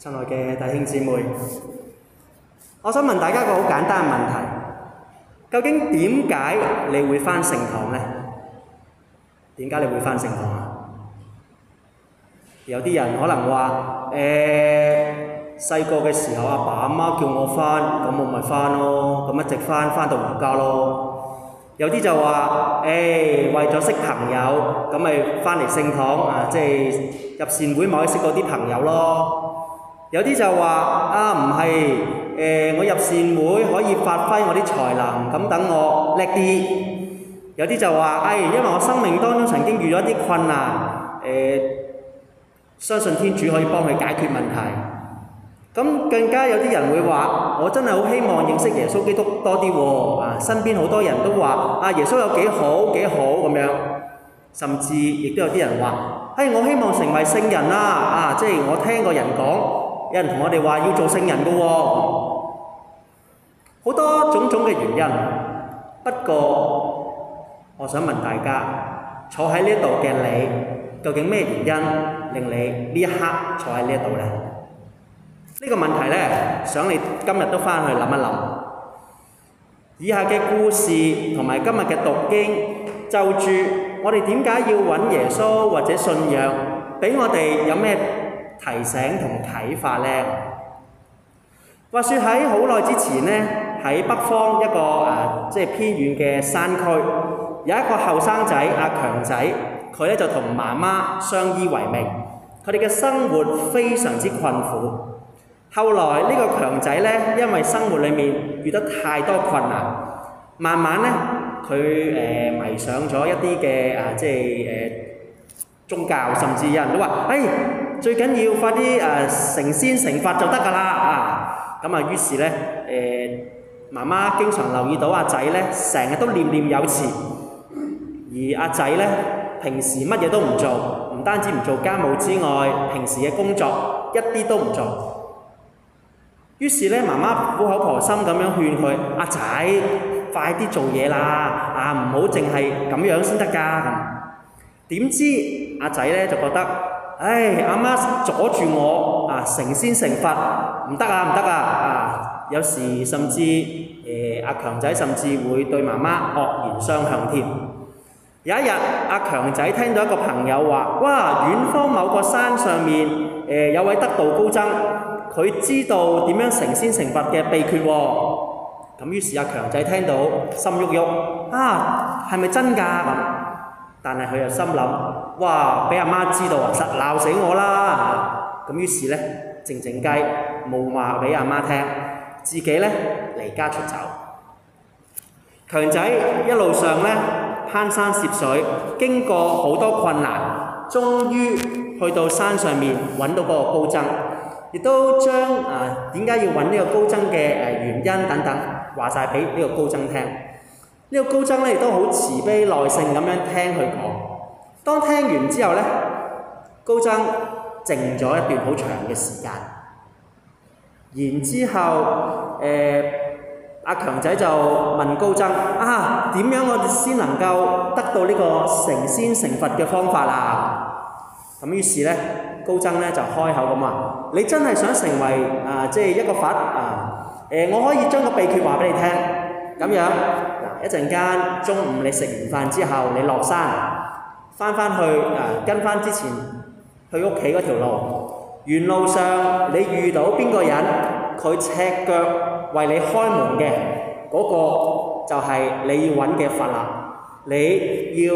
親愛嘅弟兄姊妹，我想問大家一個好簡單嘅問題：究竟點解你會翻聖堂呢？點解你會翻聖堂啊？有啲人可能話：誒細個嘅時候，阿爸阿媽叫我翻，咁我咪翻咯。咁一直翻翻到而家咯。有啲就話：誒為咗識朋友，咁咪翻嚟聖堂啊！即係入善會，咪去識嗰啲朋友咯。有啲就話啊，唔係，呃，我入善會可以發揮我啲才能，咁等我叻啲。有啲就話，唉，哎，因為我生命當中曾經遇咗啲困難，呃，相信天主可以幫佢解決問題。咁更加有啲人會話，我真係好希望認識耶穌基督多啲喎。身邊好多人都話，啊，耶穌有幾好幾好咁樣。甚至亦都有啲人話，唉，哎，我希望成為聖人啦，啊，即係我聽個人講。有人同我哋話要做聖人嘅喎，好多種種嘅原因。不過，我想問大家，坐喺呢度嘅你，究竟咩原因令你呢一刻坐喺呢度呢？呢個問題呢，想你今日都返去諗一諗。以下嘅故事同埋今日嘅讀經，就住我哋點解要揾耶穌或者信仰，畀我哋有咩提醒同啟發咧，話說喺好耐之前咧，喺北方一個啊，即係偏遠嘅山區，有一個後生仔阿強仔，佢咧就同媽媽相依為命，佢哋嘅生活非常之困苦。後來呢個強仔咧，因為生活裡面遇得太多困難，慢慢咧佢誒迷上咗一啲嘅啊，即係誒宗教，甚至有人都話，哎。最緊要快啲誒成仙成佛就得㗎啦啊！咁啊，於是咧誒，媽媽經常留意到阿仔咧，成日都念念有詞，而阿仔咧平時乜嘢都唔做，唔單止唔做家務之外，平時嘅工作一啲都唔做。於是咧，媽媽苦口婆心咁樣勸佢：阿仔，快啲做嘢啦，啊唔好淨係咁樣先得㗎！點知阿仔咧就覺得。唉，阿媽阻住我啊，成仙成佛唔得啊，唔得啊，啊！有時甚至誒阿強仔甚至會對媽媽惡言相向添。有一日，阿、啊、強仔聽到一個朋友話：哇，遠方某個山上面、呃、有位得道高僧，佢知道點樣成仙成佛嘅秘訣喎、哦。咁於是阿強、啊、仔聽到心喐喐，啊，係咪真㗎？但係佢又心諗，哇！俾阿媽知道啊，實鬧死我啦！咁於是咧，靜靜雞冇話俾阿媽聽，自己呢，離家出走。強仔一路上呢，攀山涉水，經過好多困難，終於去到山上面揾到嗰個高僧，亦都將啊點解要揾呢個高僧嘅原因等等話曬俾呢個高僧聽。呢個高僧咧，亦都好慈悲耐性咁樣聽佢講。當聽完之後咧，高僧靜咗一段好長嘅時間。然之後，阿、呃、強、啊、仔就問高僧：啊，點樣我哋先能夠得到呢個成仙成佛嘅方法啊？咁於是呢，高僧咧就開口咁話：你真係想成為啊，呃、一個佛啊、呃？我可以將個秘訣話俾你聽，咁樣。一陣間，中午你食完飯之後，你落山，返返去誒、啊，跟返之前去屋企嗰條路，原路上你遇到邊個人，佢赤腳為你開門嘅嗰、嗰個，就係你要揾嘅佛啦。你要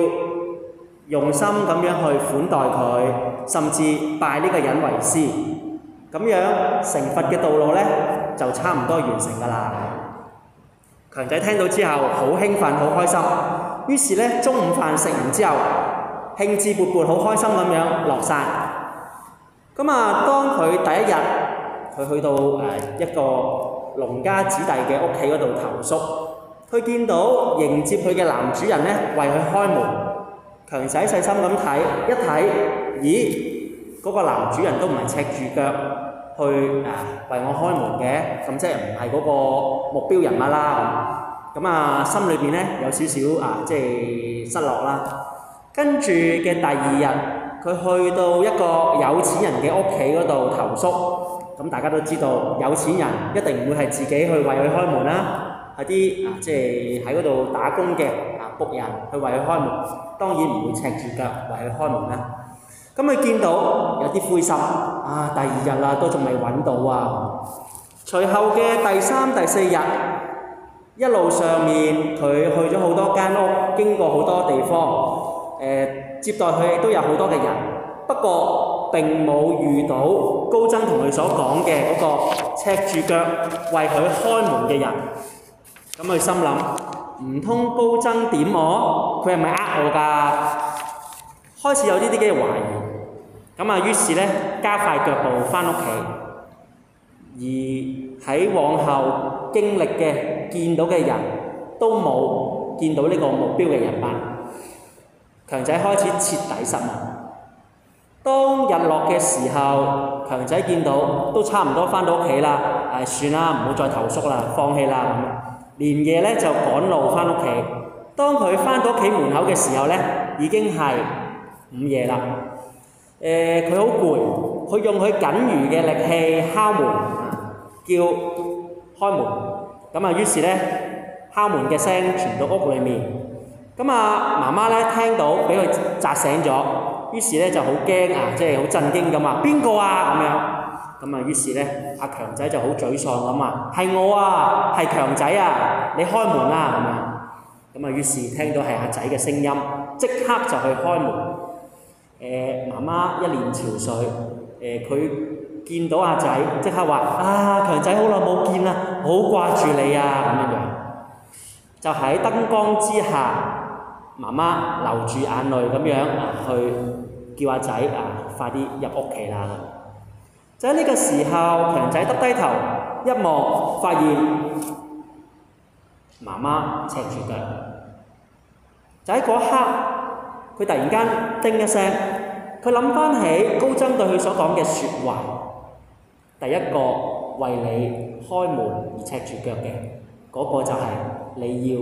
用心咁樣去款待佢，甚至拜呢個人為師，咁樣成佛嘅道路咧，就差唔多完成㗎啦。強仔聽到之後，好興奮，好開心。於是咧，中午飯食完之後，興致勃勃，好開心咁樣落山。咁啊，當佢第一日，佢去到誒一個農家子弟嘅屋企嗰度投宿，佢見到迎接佢嘅男主人咧，為佢開門。強仔細心咁睇，一睇，咦，嗰個男主人都唔係赤住腳。去誒、啊、為我開門嘅，咁、嗯、即係唔係嗰個目標人物啦，咁、嗯、啊心裏邊呢有少少啊，即係失落啦。跟住嘅第二日，佢去到一個有錢人嘅屋企嗰度投宿。咁、嗯、大家都知道有錢人一定唔會係自己去為佢開門啦、啊，係、啊、啲即係喺嗰度打工嘅啊僕人去為佢開門，當然唔會赤住腳為佢開門啦、啊。咁佢見到有啲灰心，啊第二日啦都仲未揾到啊。隨後嘅第三、第四日，一路上面佢去咗好多間屋，經過好多地方，誒接待佢都有好多嘅人，不過並冇遇到高僧同佢所講嘅嗰個赤住腳為佢開門嘅人。咁佢心諗，唔通高僧點我？佢係咪呃我㗎？開始有呢啲嘅懷疑。咁啊！於是呢，加快腳步翻屋企，而喺往後經歷嘅見到嘅人，都冇見到呢個目標嘅人物。強仔開始徹底失望。當日落嘅時候，強仔見到都差唔多翻到屋企啦。唉、哎，算啦，唔好再投宿啦，放棄啦咁。連夜呢，就趕路翻屋企。當佢翻到屋企門口嘅時候呢，已經係午夜啦。誒佢好攰，佢、呃、用佢僅餘嘅力氣敲門，叫開門。咁啊、嗯，於是咧敲門嘅聲傳到屋裏面。咁啊，媽媽咧聽到，俾佢扎醒咗。於是咧就好驚啊，即係好震驚咁啊，邊個啊咁樣？咁啊，於是咧阿強仔就好沮喪咁啊，係我啊，係強仔啊，你開門啦、啊、咁樣。咁啊，於是聽到係阿仔嘅聲音，即刻就去開門。媽媽一臉憔悴，佢、呃、見到阿仔即刻話：啊，強仔好耐冇見啦，好掛住你啊！咁樣樣，就喺燈光之下，媽媽流住眼淚咁樣、呃、去叫阿仔啊，快啲入屋企啦！就喺呢個時候，強仔耷低頭一望，發現媽媽赤住腳，就喺嗰刻，佢突然間叮一聲。佢諗翻起高僧對佢所講嘅説話，第一個為你開門而赤住腳嘅嗰個就係你要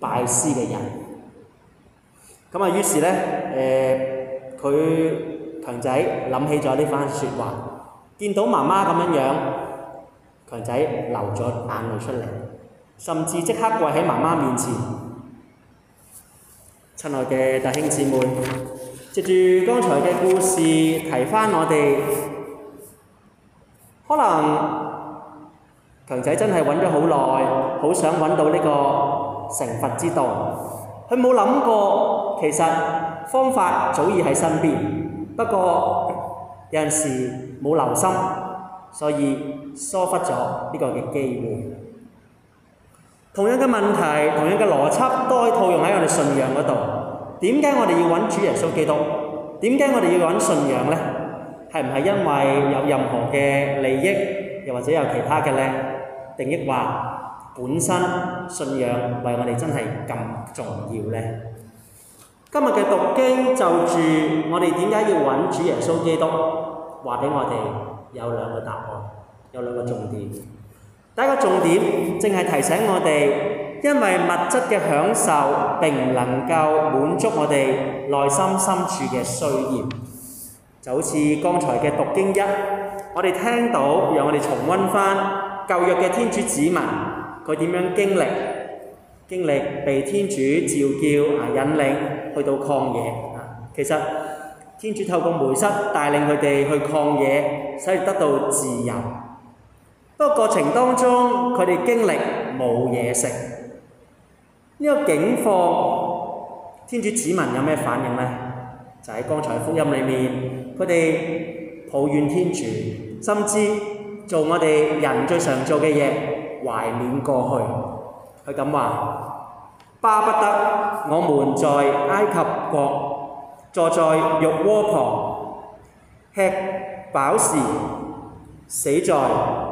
拜師嘅人。咁啊，於是呢，誒、呃，佢強仔諗起咗呢番説話，見到媽媽咁樣樣，強仔流咗眼淚出嚟，甚至即刻跪喺媽媽面前。親愛嘅弟兄姊妹。接住剛才嘅故事，提翻我哋，可能強仔真係揾咗好耐，好想揾到呢個成佛之道。佢冇諗過，其實方法早已喺身邊，不過有陣時冇留心，所以疏忽咗呢個嘅機會。同一個問題，同一個邏輯，都可以套用喺我哋信仰嗰度。點解我哋要揾主耶穌基督？點解我哋要揾信仰呢？係唔係因為有任何嘅利益，又或者有其他嘅呢？定抑或本身信仰為我哋真係咁重要呢？今日嘅讀經就住我哋點解要揾主耶穌基督，話俾我哋有兩個答案，有兩個重點。第一個重點淨係提醒我哋。因為物質嘅享受並唔能夠滿足我哋內心深處嘅需要，就好似剛才嘅讀經一，我哋聽到，讓我哋重溫返舊約嘅天主子民，佢點樣經歷？經歷被天主召叫，引領去到曠野。其實天主透過梅瑟帶領佢哋去曠野，使佢得，得到自由。不過過程當中，佢哋經歷冇嘢食。呢個境況，天主子民有咩反應呢？就喺、是、剛才福音裏面，佢哋抱怨天主，甚至做我哋人最常做嘅嘢，懷念過去。佢咁話：巴不得我們在埃及國坐在肉鍋旁吃飽時，死在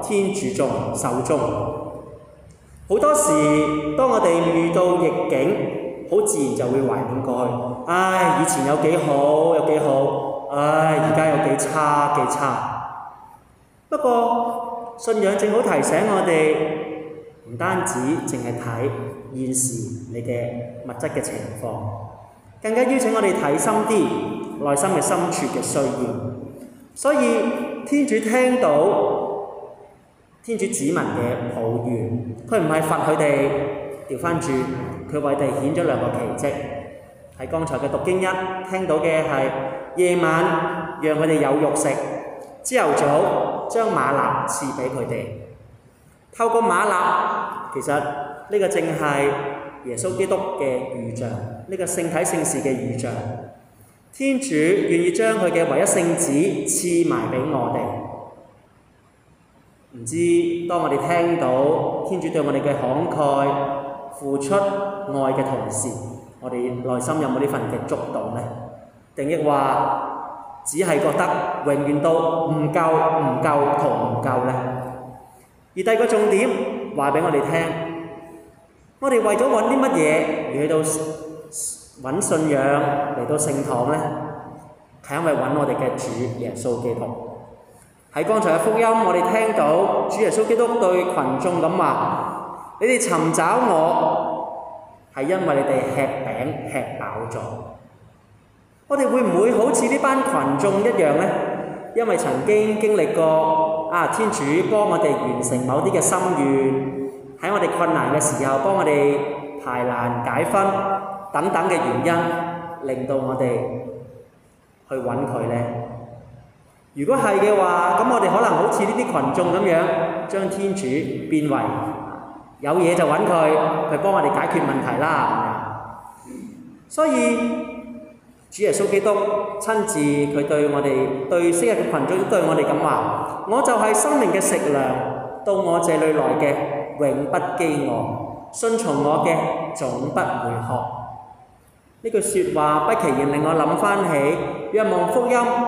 天主眾手中。好多時，當我哋遇到逆境，好自然就會懷念過去。唉、哎，以前有幾好，有幾好。唉、哎，而家有幾差，幾差。不過，信仰正好提醒我哋，唔單止淨係睇現時你嘅物質嘅情況，更加邀請我哋睇深啲內心嘅深處嘅需要。所以，天主聽到。天主子民嘅抱怨，佢唔係罰佢哋，調翻轉，佢為地顯咗兩個奇蹟。喺剛才嘅讀經一聽到嘅係夜晚讓佢哋有肉食，朝頭早將瑪納賜俾佢哋。透過瑪納，其實，呢個正係耶穌基督嘅預象，呢、這個聖體聖事嘅預象。天主願意將佢嘅唯一聖子賜埋俾我哋。唔知當我哋聽到天主對我哋嘅慷慨付出愛嘅同時，我哋內心有冇呢份嘅觸動呢？定抑或只係覺得永遠都唔夠、唔夠同唔夠呢？而第二個重點話俾我哋聽，我哋為咗揾啲乜嘢而去到揾信仰嚟到聖堂呢？係因為揾我哋嘅主耶穌基督。喺剛才嘅福音，我哋聽到主耶穌基督對羣眾咁話：「你哋尋找我，係因為你哋吃餅吃飽咗。我哋會唔會好似呢班羣眾一樣呢？因為曾經經歷過啊，天主幫我哋完成某啲嘅心願，喺我哋困難嘅時候幫我哋排難解紛等等嘅原因，令到我哋去揾佢呢？如果係嘅話，咁我哋可能好似呢啲羣眾咁樣，將天主變為有嘢就揾佢，佢幫我哋解決問題啦。所以主耶穌基督親自佢，對我哋，對昔日嘅羣眾，都對我哋咁話：我就係生命嘅食糧，到我這裏來嘅永不飢餓，信從我嘅總不會渴。呢句説話不其然令我諗翻起若望福音。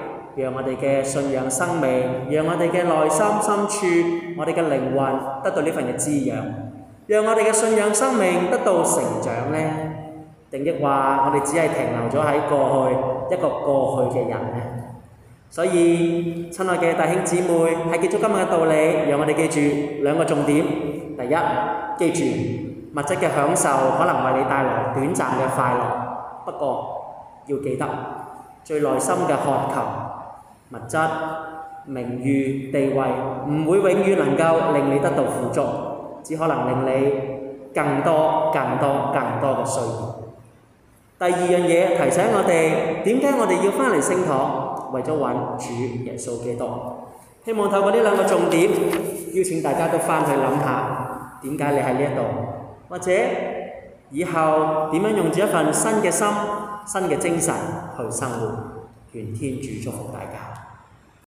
讓我哋嘅信仰生命，讓我哋嘅內心深處，我哋嘅靈魂得到呢份嘅滋養，讓我哋嘅信仰生命得到成長呢定抑或我哋只係停留咗喺過去一個過去嘅人咧？所以，親愛嘅弟兄姊妹，喺結束今日嘅道理，讓我哋記住兩個重點。第一，記住物質嘅享受可能為你帶來短暫嘅快樂，不過要記得最內心嘅渴求。物質、名譽、地位唔會永遠能夠令你得到富足，只可能令你更多、更多、更多嘅需要。第二樣嘢提醒我哋，點解我哋要返嚟聖堂？為咗搵主耶穌基督？希望透過呢兩個重點，邀請大家都返去諗下，點解你喺呢一度，或者以後點樣用住一份新嘅心、新嘅精神去生活？願天主祝福大家！